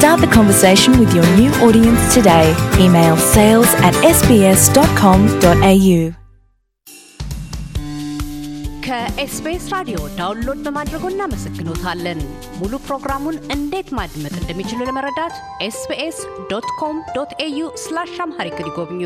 Start the conversation with your new audience today. Email sales at sbs.com.au. ከኤስቢኤስ ራዲዮ ዳውንሎድ በማድረጎ እናመሰግኖታለን። ሙሉ ፕሮግራሙን እንዴት ማድመጥ እንደሚችሉ ለመረዳት ኤስቢኤስ ዶት ኮም ዶት ኤዩ ስላሽ አምሃሪክ ይጎብኙ።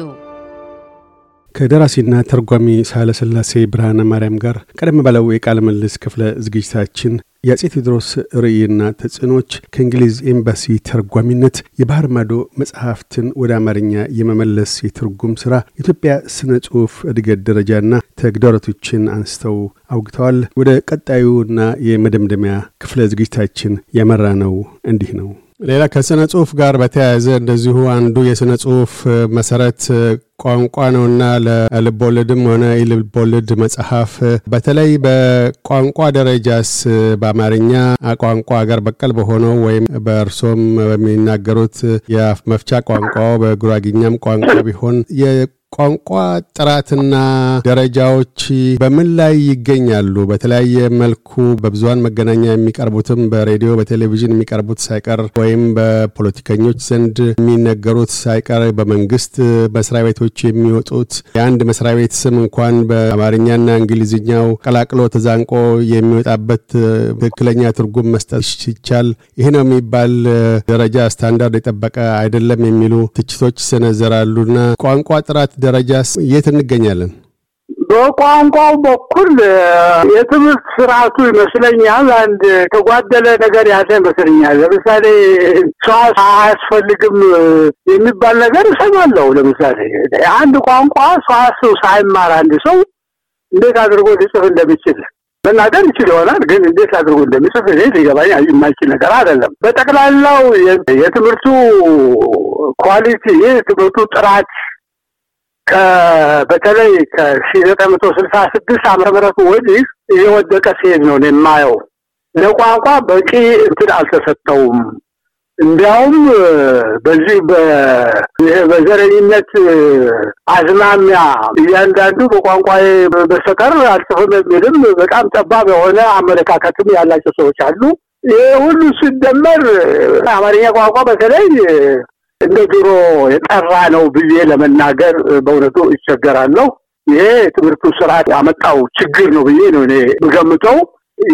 ከደራሲና ተርጓሚ ሳህለስላሴ ብርሃነ ማርያም ጋር ቀደም ባለው የቃለ ምልልስ ክፍለ ዝግጅታችን የአጼ ቴዎድሮስ ርእይና ተጽዕኖች ከእንግሊዝ ኤምባሲ ተርጓሚነት የባህር ማዶ መጽሐፍትን ወደ አማርኛ የመመለስ የትርጉም ሥራ የኢትዮጵያ ስነ ጽሑፍ እድገት ደረጃና ተግዳሮቶችን አንስተው አውግተዋል። ወደ ቀጣዩና የመደምደሚያ ክፍለ ዝግጅታችን ያመራ ነው። እንዲህ ነው። ሌላ ከስነ ጽሁፍ ጋር በተያያዘ እንደዚሁ አንዱ የስነ ጽሁፍ መሰረት ቋንቋ ነውና ለልቦልድም ሆነ የልቦወለድ መጽሐፍ በተለይ በቋንቋ ደረጃስ በአማርኛ ቋንቋ አገር በቀል በሆነው ወይም በእርሶም በሚናገሩት የአፍ መፍቻ ቋንቋ በጉራጊኛም ቋንቋ ቢሆን ቋንቋ ጥራትና ደረጃዎች በምን ላይ ይገኛሉ? በተለያየ መልኩ በብዙሀን መገናኛ የሚቀርቡትም በሬዲዮ በቴሌቪዥን የሚቀርቡት ሳይቀር ወይም በፖለቲከኞች ዘንድ የሚነገሩት ሳይቀር በመንግስት መስሪያ ቤቶች የሚወጡት የአንድ መስሪያ ቤት ስም እንኳን በአማርኛና እንግሊዝኛው ቀላቅሎ ተዛንቆ የሚወጣበት ትክክለኛ ትርጉም መስጠት ሲቻል ይህ ነው የሚባል ደረጃ ስታንዳርድ የጠበቀ አይደለም የሚሉ ትችቶች ይሰነዘራሉና ቋንቋ ጥራት ደረጃ የት እንገኛለን? በቋንቋው በኩል የትምህርት ስርዓቱ ይመስለኛል አንድ ተጓደለ ነገር ያለ ይመስለኛል። ለምሳሌ ሰዋስ አያስፈልግም የሚባል ነገር እሰማለሁ። ለምሳሌ አንድ ቋንቋ ሰዋስ ሳይማር አንድ ሰው እንዴት አድርጎ ሊጽፍ እንደሚችል መናገር ይችል ይሆናል፣ ግን እንዴት አድርጎ እንደሚጽፍ እኔ ሊገባኝ የማይችል ነገር አይደለም። በጠቅላላው የትምህርቱ ኳሊቲ የትምህርቱ ጥራት በተለይ ከሺ ዘጠኝ መቶ ስልሳ ስድስት ዓመተ ምህረቱ ወዲህ እየወደቀ ሲሄድ ነው የማየው። ለቋንቋ በቂ እንትን አልተሰጠውም። እንዲያውም በዚህ በዘረኝነት አዝማሚያ እያንዳንዱ በቋንቋ በስተቀር አልጽፍም የሚልም በጣም ጠባብ የሆነ አመለካከትም ያላቸው ሰዎች አሉ። ይህ ሁሉ ሲደመር አማርኛ ቋንቋ በተለይ እንደ ድሮ የጠራ ነው ብዬ ለመናገር በእውነቱ ይቸገራለሁ። ይሄ ትምህርቱ ስርዓት ያመጣው ችግር ነው ብዬ ነው እኔ የምገምተው።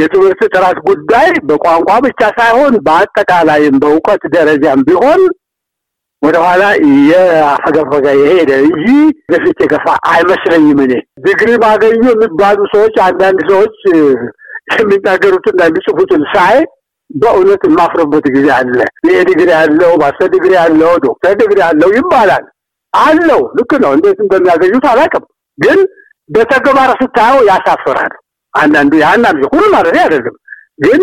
የትምህርት ጥራት ጉዳይ በቋንቋ ብቻ ሳይሆን በአጠቃላይም በእውቀት ደረጃም ቢሆን ወደኋላ የፈገፈገ የሄደ እንጂ በፊት የገፋ አይመስለኝም። እኔ ዲግሪ ባገኙ የሚባሉ ሰዎች አንዳንድ ሰዎች የሚናገሩትና የሚጽፉትን ሳይ በእውነት የማፍረበት ጊዜ አለ። ይሄ ዲግሪ ያለው ማስተር ዲግሪ ያለው ዶክተር ዲግሪ ያለው ይባላል አለው። ልክ ነው። እንዴት እንደሚያገኙት አላውቅም፣ ግን በተግባር ስታየው ያሳፍራል። አንዳንዱ ያን አለ ሁሉ ማለት አይደለም፣ ግን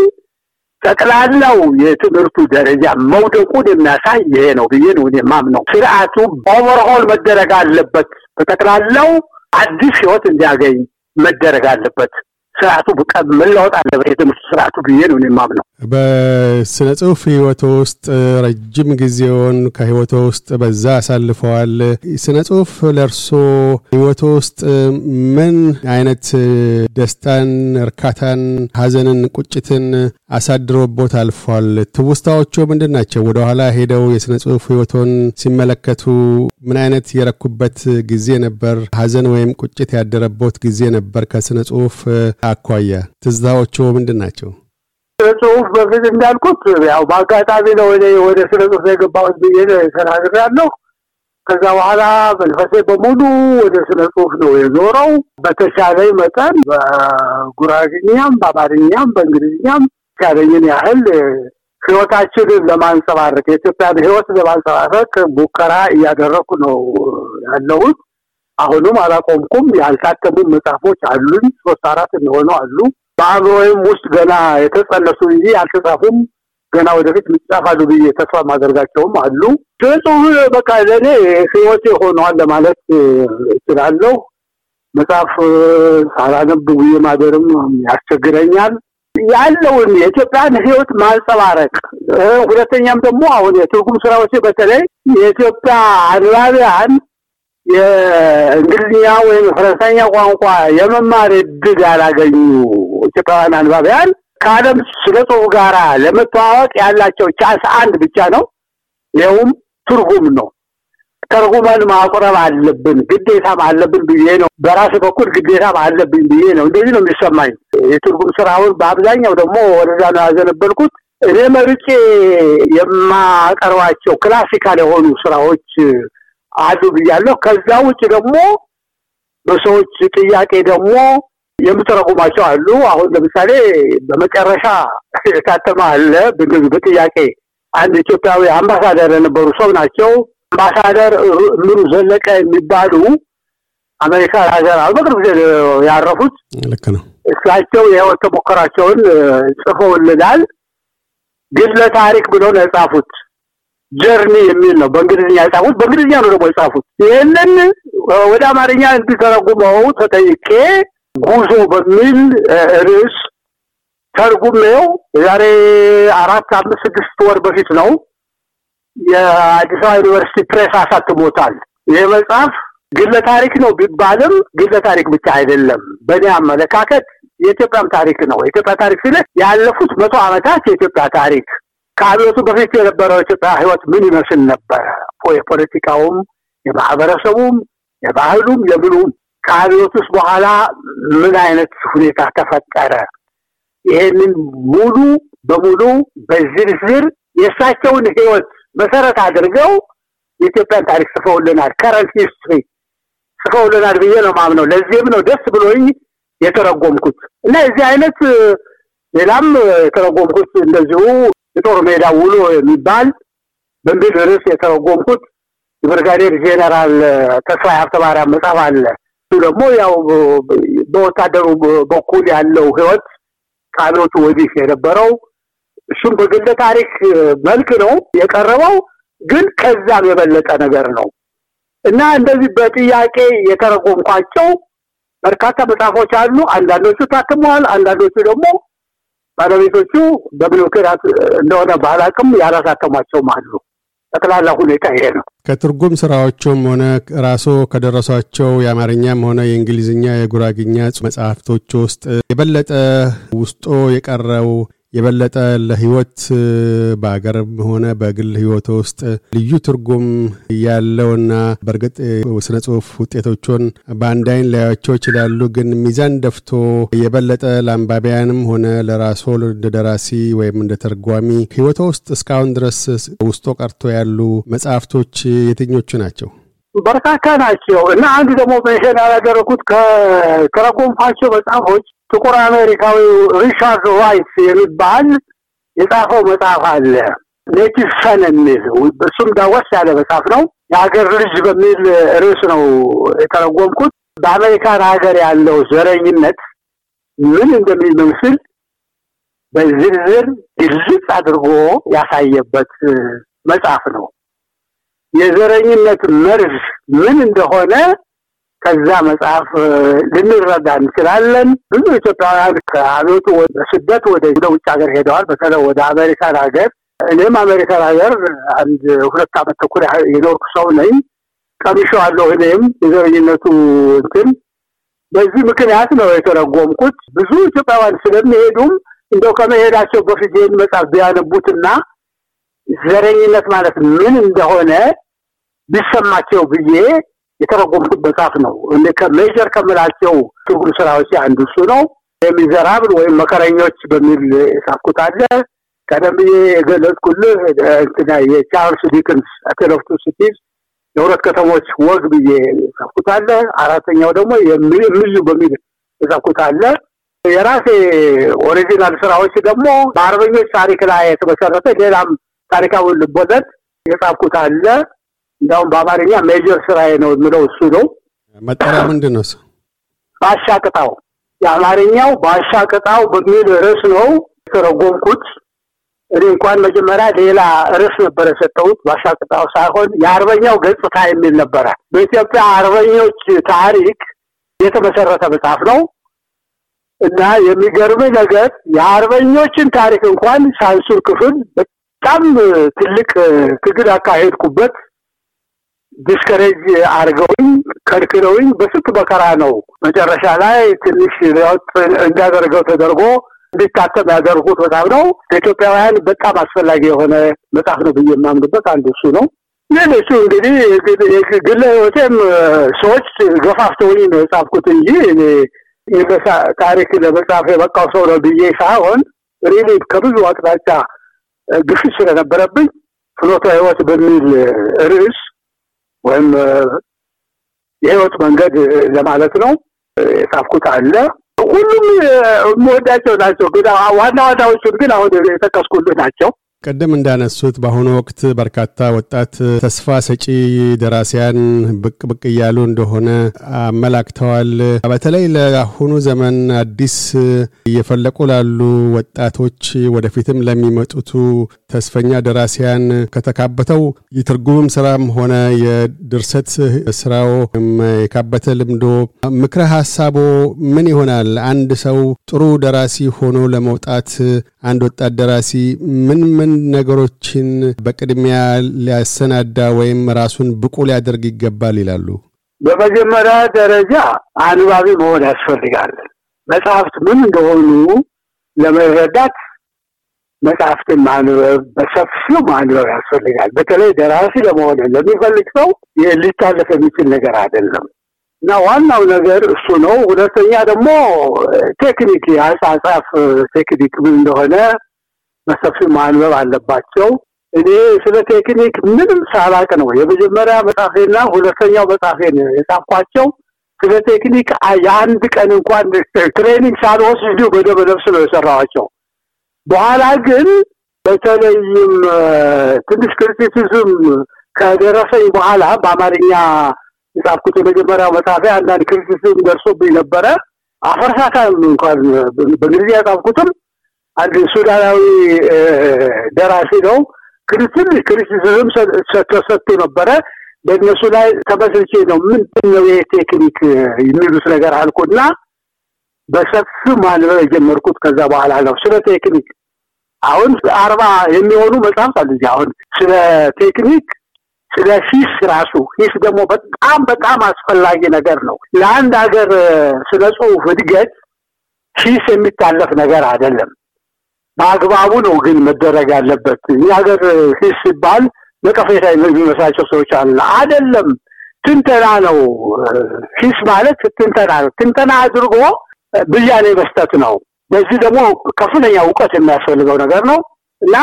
ጠቅላላው የትምህርቱ ደረጃ መውደቁን የሚያሳይ ይሄ ነው ብዬ ነው እኔ የማምነው። ስርዓቱ ኦቨርሆል መደረግ አለበት። በጠቅላላው አዲስ ህይወት እንዲያገኝ መደረግ አለበት። ስርዓቱ መለወጥ አለበት የትምህርቱ ስርዓቱ ብዬ ነው እኔ የማምነው። በስነ ጽሁፍ ህይወቶ ውስጥ ረጅም ጊዜውን ከህይወቶ ውስጥ በዛ አሳልፈዋል። ስነ ጽሁፍ ለእርሶ ህይወቶ ውስጥ ምን አይነት ደስታን፣ እርካታን፣ ሀዘንን፣ ቁጭትን አሳድሮቦት አልፏል? ትውስታዎቹ ምንድን ናቸው? ወደ ኋላ ሄደው የስነ ጽሁፍ ህይወቶን ሲመለከቱ ምን አይነት የረኩበት ጊዜ ነበር? ሀዘን ወይም ቁጭት ያደረቦት ጊዜ ነበር? ከስነ ጽሁፍ አኳያ ትዝታዎቹ ምንድን ናቸው? ስነ ጽሁፍ በፊት እንዳልኩት ያው በአጋጣሚ ነው እኔ ወደ ስነ ጽሁፍ የገባሁት ብዬ ተናግሬያለሁ። ከዛ በኋላ መንፈሴ በሙሉ ወደ ስነ ጽሁፍ ነው የዞረው። በተሻለኝ መጠን በጉራግኛም፣ በአማርኛም፣ በእንግሊዝኛም ቻለኝን ያህል ህይወታችንን ለማንጸባረቅ የኢትዮጵያን ህይወት ለማንጸባረቅ ሙከራ እያደረኩ ነው ያለሁት። አሁንም አላቆምኩም። ያልታተሙ መጽሐፎች አሉኝ ሶስት አራት የሚሆኑ አሉ። በአእምሮዬም ውስጥ ገና የተጸነሱ እንጂ አልተጻፉም። ገና ወደፊት ምጻፋሉ ብዬ ተስፋ ማደርጋቸውም አሉ። ጽሁፍ በቃ ለእኔ ህይወቴ ሆነዋል ለማለት እችላለሁ። መጽሐፍ ሳላነብ ብዬ ማደርም ያስቸግረኛል። ያለውን የኢትዮጵያን ህይወት ማንጸባረቅ፣ ሁለተኛም ደግሞ አሁን የትርጉም ስራዎች በተለይ የኢትዮጵያ አንባቢያን የእንግሊዝኛ ወይም ፈረንሳይኛ ቋንቋ የመማር እድል ያላገኙ ኢትዮጵያውያን አንባቢያን ከዓለም ስነ ጽሁፍ ጋር ለመተዋወቅ ያላቸው ቻንስ አንድ ብቻ ነው። ይኸውም ትርጉም ነው። ተርጉመን ማቁረብ አለብን፣ ግዴታም አለብን ብዬ ነው። በራሴ በኩል ግዴታም አለብኝ ብዬ ነው። እንደዚህ ነው የሚሰማኝ። የትርጉም ስራውን በአብዛኛው ደግሞ ወደዛ ነው ያዘነበልኩት። እኔ መርጬ የማቀርባቸው ክላሲካል የሆኑ ስራዎች አሉ ብያለሁ። ከዛ ውጭ ደግሞ በሰዎች ጥያቄ ደግሞ የምተረጉማቸው አሉ። አሁን ለምሳሌ በመጨረሻ የታተመ አለ። በግል በጥያቄ አንድ ኢትዮጵያዊ አምባሳደር የነበሩ ሰው ናቸው። አምባሳደር ምሩ ዘለቀ የሚባሉ አሜሪካ ሀገር በቅርብ ጊዜ ያረፉት ልክ ነው። እሳቸው የህይወት ተሞከራቸውን ጽፈውልናል። ግን ለታሪክ ብለው ነው የጻፉት። ጀርኒ የሚል ነው በእንግሊዝኛ የጻፉት። በእንግሊዝኛ ነው ደግሞ የጻፉት። ይህንን ወደ አማርኛ እንዲተረጉመው ተጠይቄ ጉዞ በሚል ርዕስ ተርጉሜው ዛሬ አራት አምስት ስድስት ወር በፊት ነው የአዲስ አበባ ዩኒቨርሲቲ ፕሬስ አሳትሞታል። ይህ መጽሐፍ ግለ ታሪክ ነው ቢባልም ግለ ታሪክ ብቻ አይደለም። በእኔ አመለካከት የኢትዮጵያም ታሪክ ነው። የኢትዮጵያ ታሪክ ስለ ያለፉት መቶ ዓመታት የኢትዮጵያ ታሪክ ከአብዮቱ በፊት የነበረው ኢትዮጵያ ህይወት ምን ይመስል ነበረ? የፖለቲካውም፣ የማህበረሰቡም፣ የባህሉም የምኑም ከአብዮት በኋላ ምን አይነት ሁኔታ ተፈጠረ? ይሄንን ሙሉ በሙሉ በዝርዝር የእሳቸውን ህይወት መሰረት አድርገው የኢትዮጵያን ታሪክ ጽፈውልናል። ከረንት ሂስትሪ ጽፈውልናል ብዬ ነው ማምነው። ለዚህም ነው ደስ ብሎኝ የተረጎምኩት እና የዚህ አይነት ሌላም የተረጎምኩት እንደዚሁ የጦር ሜዳ ውሎ የሚባል በሚል ርዕስ የተረጎምኩት የብርጋዴር ጄኔራል ተስፋዬ ሀብተማርያም መጽሐፍ አለ እሱ ደግሞ ያው በወታደሩ በኩል ያለው ህይወት ቃሎቱ ወዲህ የነበረው እሱም በግለ ታሪክ መልክ ነው የቀረበው፣ ግን ከዛም የበለጠ ነገር ነው እና እንደዚህ በጥያቄ የተረጎምኳቸው በርካታ መጽሐፎች አሉ። አንዳንዶቹ ታትመዋል፣ አንዳንዶቹ ደግሞ ባለቤቶቹ በምን እንደሆነ ባላቅም ያላሳተሟቸውም አሉ። ጠቅላላ ሁኔታ ይሄ ነው። ከትርጉም ስራዎቹም ሆነ ራስዎ ከደረሷቸው የአማርኛም ሆነ የእንግሊዝኛ፣ የጉራግኛ መጽሐፍቶች ውስጥ የበለጠ ውስጦ የቀረው የበለጠ ለህይወት በሀገርም ሆነ በግል ህይወት ውስጥ ልዩ ትርጉም ያለውና በእርግጥ ስነ ጽሁፍ ውጤቶቹን በአንድ አይን ላያቸው ይችላሉ፣ ግን ሚዛን ደፍቶ የበለጠ ለአንባቢያንም ሆነ ለራሶ እንደ ደራሲ ወይም እንደ ተርጓሚ ህይወቶ ውስጥ እስካሁን ድረስ ውስጦ ቀርቶ ያሉ መጽሐፍቶች የትኞቹ ናቸው? በርካታ ናቸው እና አንድ ደግሞ ሜንሽን ያላደረጉት ከተረጎምኳቸው መጽሐፎች ጥቁር አሜሪካዊ ሪቻርድ ራይት የሚባል የጻፈው መጽሐፍ አለ ኔቲቭ ሰን የሚል እሱም ዳወስ ያለ መጽሐፍ ነው። የሀገር ልጅ በሚል ርዕስ ነው የተረጎምኩት። በአሜሪካን ሀገር ያለው ዘረኝነት ምን እንደሚመስል በዝርዝር ግልጽ አድርጎ ያሳየበት መጽሐፍ ነው። የዘረኝነት መርዝ ምን እንደሆነ ከዛ መጽሐፍ ልንረዳ እንችላለን። ብዙ ኢትዮጵያውያን ከአቤቱ ስደት ወደ ውጭ ሀገር ሄደዋል። በተለይ ወደ አሜሪካን ሀገር። እኔም አሜሪካን ሀገር አንድ ሁለት ዓመት ተኩል የኖርኩ ሰው ነኝ። ቀምሼዋለሁ። እኔም የዘረኝነቱ እንትን በዚህ ምክንያት ነው የተረጎምኩት። ብዙ ኢትዮጵያውያን ስለሚሄዱም እንደው ከመሄዳቸው በፊት ይህን መጽሐፍ ቢያነቡትና ዘረኝነት ማለት ምን እንደሆነ ቢሰማቸው ብዬ የተረጎምኩት መጽሐፍ ነው። ሜጀር ከምላቸው ትጉል ስራዎች አንዱ እሱ ነው። የሚዘራብል ወይም መከረኞች በሚል የጻፍኩት አለ። ቀደም ብዬ የገለጽኩልህ እንትና የቻርልስ ዲክንስ አቴሎፍቱ ሲቲዝ የሁለት ከተሞች ወግ ብዬ የጻፍኩት አለ። አራተኛው ደግሞ የሚሉ በሚል የጻፍኩት አለ። የራሴ ኦሪጂናል ስራዎች ደግሞ በአርበኞች ታሪክ ላይ የተመሰረተ ሌላም ታሪካዊ ልቦለድ የጻፍኩት አለ። እንዲሁም በአማርኛ ሜጀር ስራዬ ነው የምለው እሱ ነው። መጠሪያ ምንድን ነው? ሰው ቅጣው። የአማርኛው ባሻ በሚል ርዕስ ነው የተረጎምኩት። እኔ እንኳን መጀመሪያ ሌላ ርዕስ ነበረ የሰጠሁት፣ ባሻ ሳይሆን የአርበኛው ገጽታ የሚል ነበረ። በኢትዮጵያ አርበኞች ታሪክ የተመሰረተ መጽሐፍ ነው እና የሚገርም ነገር የአርበኞችን ታሪክ እንኳን ሳንሱር ክፍል በጣም ትልቅ ትግል አካሄድኩበት። ዲስከሬጅ አድርገውኝ ከልክለውኝ በስንት መከራ ነው መጨረሻ ላይ ትንሽ ለውጥ እንዲያደርገው ተደርጎ እንዲታተም ያደርጉት በጣም ነው። ለኢትዮጵያውያን በጣም አስፈላጊ የሆነ መጽሐፍ ነው ብዬ የማምንበት አንዱ እሱ ነው። ግን እሱ እንግዲህ ግለ ህይወቴም ሰዎች ገፋፍተውኝ ነው የጻፍኩት እንጂ እኔ ታሪክ ለመጽሐፍ የበቃው ሰው ነው ብዬ ሳይሆን ሪሊ ከብዙ አቅጣጫ ግፊት ስለነበረብኝ ፍሎታ ህይወት በሚል ርዕስ ወይም የህይወት መንገድ ለማለት ነው የጻፍኩት አለ። ሁሉም የምወዳቸው ናቸው፣ ግን ዋና ዋናዎቹን ግን አሁን የጠቀስኩልህ ናቸው። ቀደም እንዳነሱት በአሁኑ ወቅት በርካታ ወጣት ተስፋ ሰጪ ደራሲያን ብቅ ብቅ እያሉ እንደሆነ አመላክተዋል። በተለይ ለአሁኑ ዘመን አዲስ እየፈለቁ ላሉ ወጣቶች፣ ወደፊትም ለሚመጡቱ ተስፈኛ ደራሲያን ከተካበተው የትርጉምም ስራም ሆነ የድርሰት ስራው የካበተ ልምዶ ምክረ ሀሳቦ ምን ይሆናል? አንድ ሰው ጥሩ ደራሲ ሆኖ ለመውጣት አንድ ወጣት ደራሲ ምን ምን ምን ነገሮችን በቅድሚያ ሊያሰናዳ ወይም ራሱን ብቁ ሊያደርግ ይገባል ይላሉ? በመጀመሪያ ደረጃ አንባቢ መሆን ያስፈልጋል። መጽሐፍት ምን እንደሆኑ ለመረዳት መጽሐፍትን ማንበብ በሰፊው ማንበብ ያስፈልጋል። በተለይ ደራሲ ለመሆን ለሚፈልግ ሰው ሊታለፍ የሚችል ነገር አይደለም እና ዋናው ነገር እሱ ነው። ሁለተኛ ደግሞ ቴክኒክ የአጻጻፍ ቴክኒክ ምን እንደሆነ በሰፊው ማንበብ አለባቸው። እኔ ስለ ቴክኒክ ምንም ሳላቅ ነው የመጀመሪያ መጽሐፌና ሁለተኛው መጽሐፌን የጻፍኳቸው። ስለ ቴክኒክ የአንድ ቀን እንኳን ትሬኒንግ ሳልወስድ እንዲሁ ነፍስ ነው የሰራኋቸው። በኋላ ግን በተለይም ትንሽ ክሪቲሲዝም ከደረሰኝ በኋላ በአማርኛ የጻፍኩት የመጀመሪያው መጽሐፌ አንዳንድ ክሪቲሲዝም ደርሶብኝ ነበረ። አፈርሳታም እንኳን በእንግሊዝኛ የጻፍኩትም አንድ ሱዳናዊ ደራሲ ነው። ትንሽ ክሪቲሲዝም ሰጥቶ ነበረ። በእነሱ ላይ ተመስርቼ ነው ምንድን ነው ይህ ቴክኒክ የሚሉት ነገር አልኩና በሰፊው ማንበብ የጀመርኩት ከዛ በኋላ ነው ስለ ቴክኒክ አሁን አርባ የሚሆኑ መጽሐፍት አሉ። አሁን ስለ ቴክኒክ፣ ስለ ሂስ ራሱ ሂስ ደግሞ በጣም በጣም አስፈላጊ ነገር ነው ለአንድ ሀገር ስለ ጽሁፍ እድገት ሂስ የሚታለፍ ነገር አይደለም። በአግባቡ ነው ግን መደረግ ያለበት። የሀገር ሂስ ሲባል ነቀፌታ የሚመስላቸው ሰዎች አለ። አይደለም፣ ትንተና ነው። ሂስ ማለት ትንተና ነው። ትንተና አድርጎ ብያኔ መስጠት ነው። በዚህ ደግሞ ከፍተኛ እውቀት የሚያስፈልገው ነገር ነው እና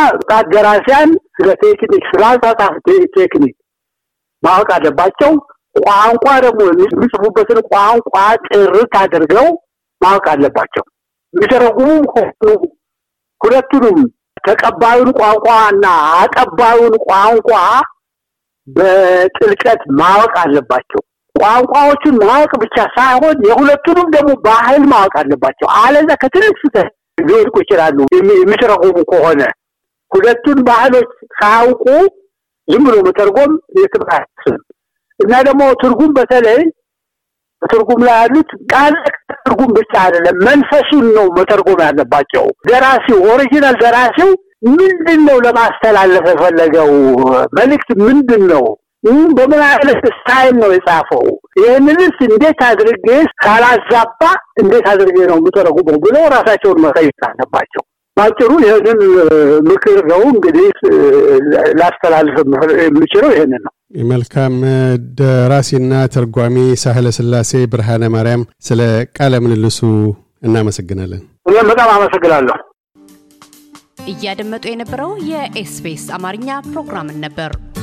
ደራሲያን ስለ ቴክኒክ ስለ አጻጻፍ ቴክኒክ ማወቅ አለባቸው። ቋንቋ ደግሞ የሚጽፉበትን ቋንቋ ጥርት አድርገው ማወቅ አለባቸው። የሚተረጉሙ ሁለቱንም ተቀባዩን ቋንቋ እና አቀባዩን ቋንቋ በጥልቀት ማወቅ አለባቸው። ቋንቋዎቹን ማወቅ ብቻ ሳይሆን የሁለቱንም ደግሞ ባህል ማወቅ አለባቸው። አለዛ ከትልቅ ስህተት ሊወድቁ ይችላሉ። የሚተረጉሙ ከሆነ ሁለቱን ባህሎች ሳያውቁ ዝም ብሎ መተርጎም የትባስም እና ደግሞ ትርጉም በተለይ ትርጉም ላይ ያሉት ቃል ትርጉም ብቻ አይደለም፣ መንፈሱን ነው መተርጎም ያለባቸው። ደራሲው ኦሪጂናል ደራሲው ምንድን ነው ለማስተላለፍ የፈለገው መልእክት ምንድን ነው? በምን አይነት ስታይል ነው የጻፈው? ይህንንስ እንዴት አድርጌ ካላዛባ እንዴት አድርጌ ነው የምተረጉመው ብሎ ራሳቸውን መጠየቅ አለባቸው። ባጭሩ ይህንን ምክር ነው እንግዲህ ላስተላልፍ የምችለው ይህንን ነው። መልካም ደራሲና ተርጓሚ ሳህለ ስላሴ ብርሃነ ማርያም ስለ ቃለ ምልልሱ እናመሰግናለን። እኔም በጣም አመሰግናለሁ። እያደመጡ የነበረው የኤስቢኤስ አማርኛ ፕሮግራምን ነበር።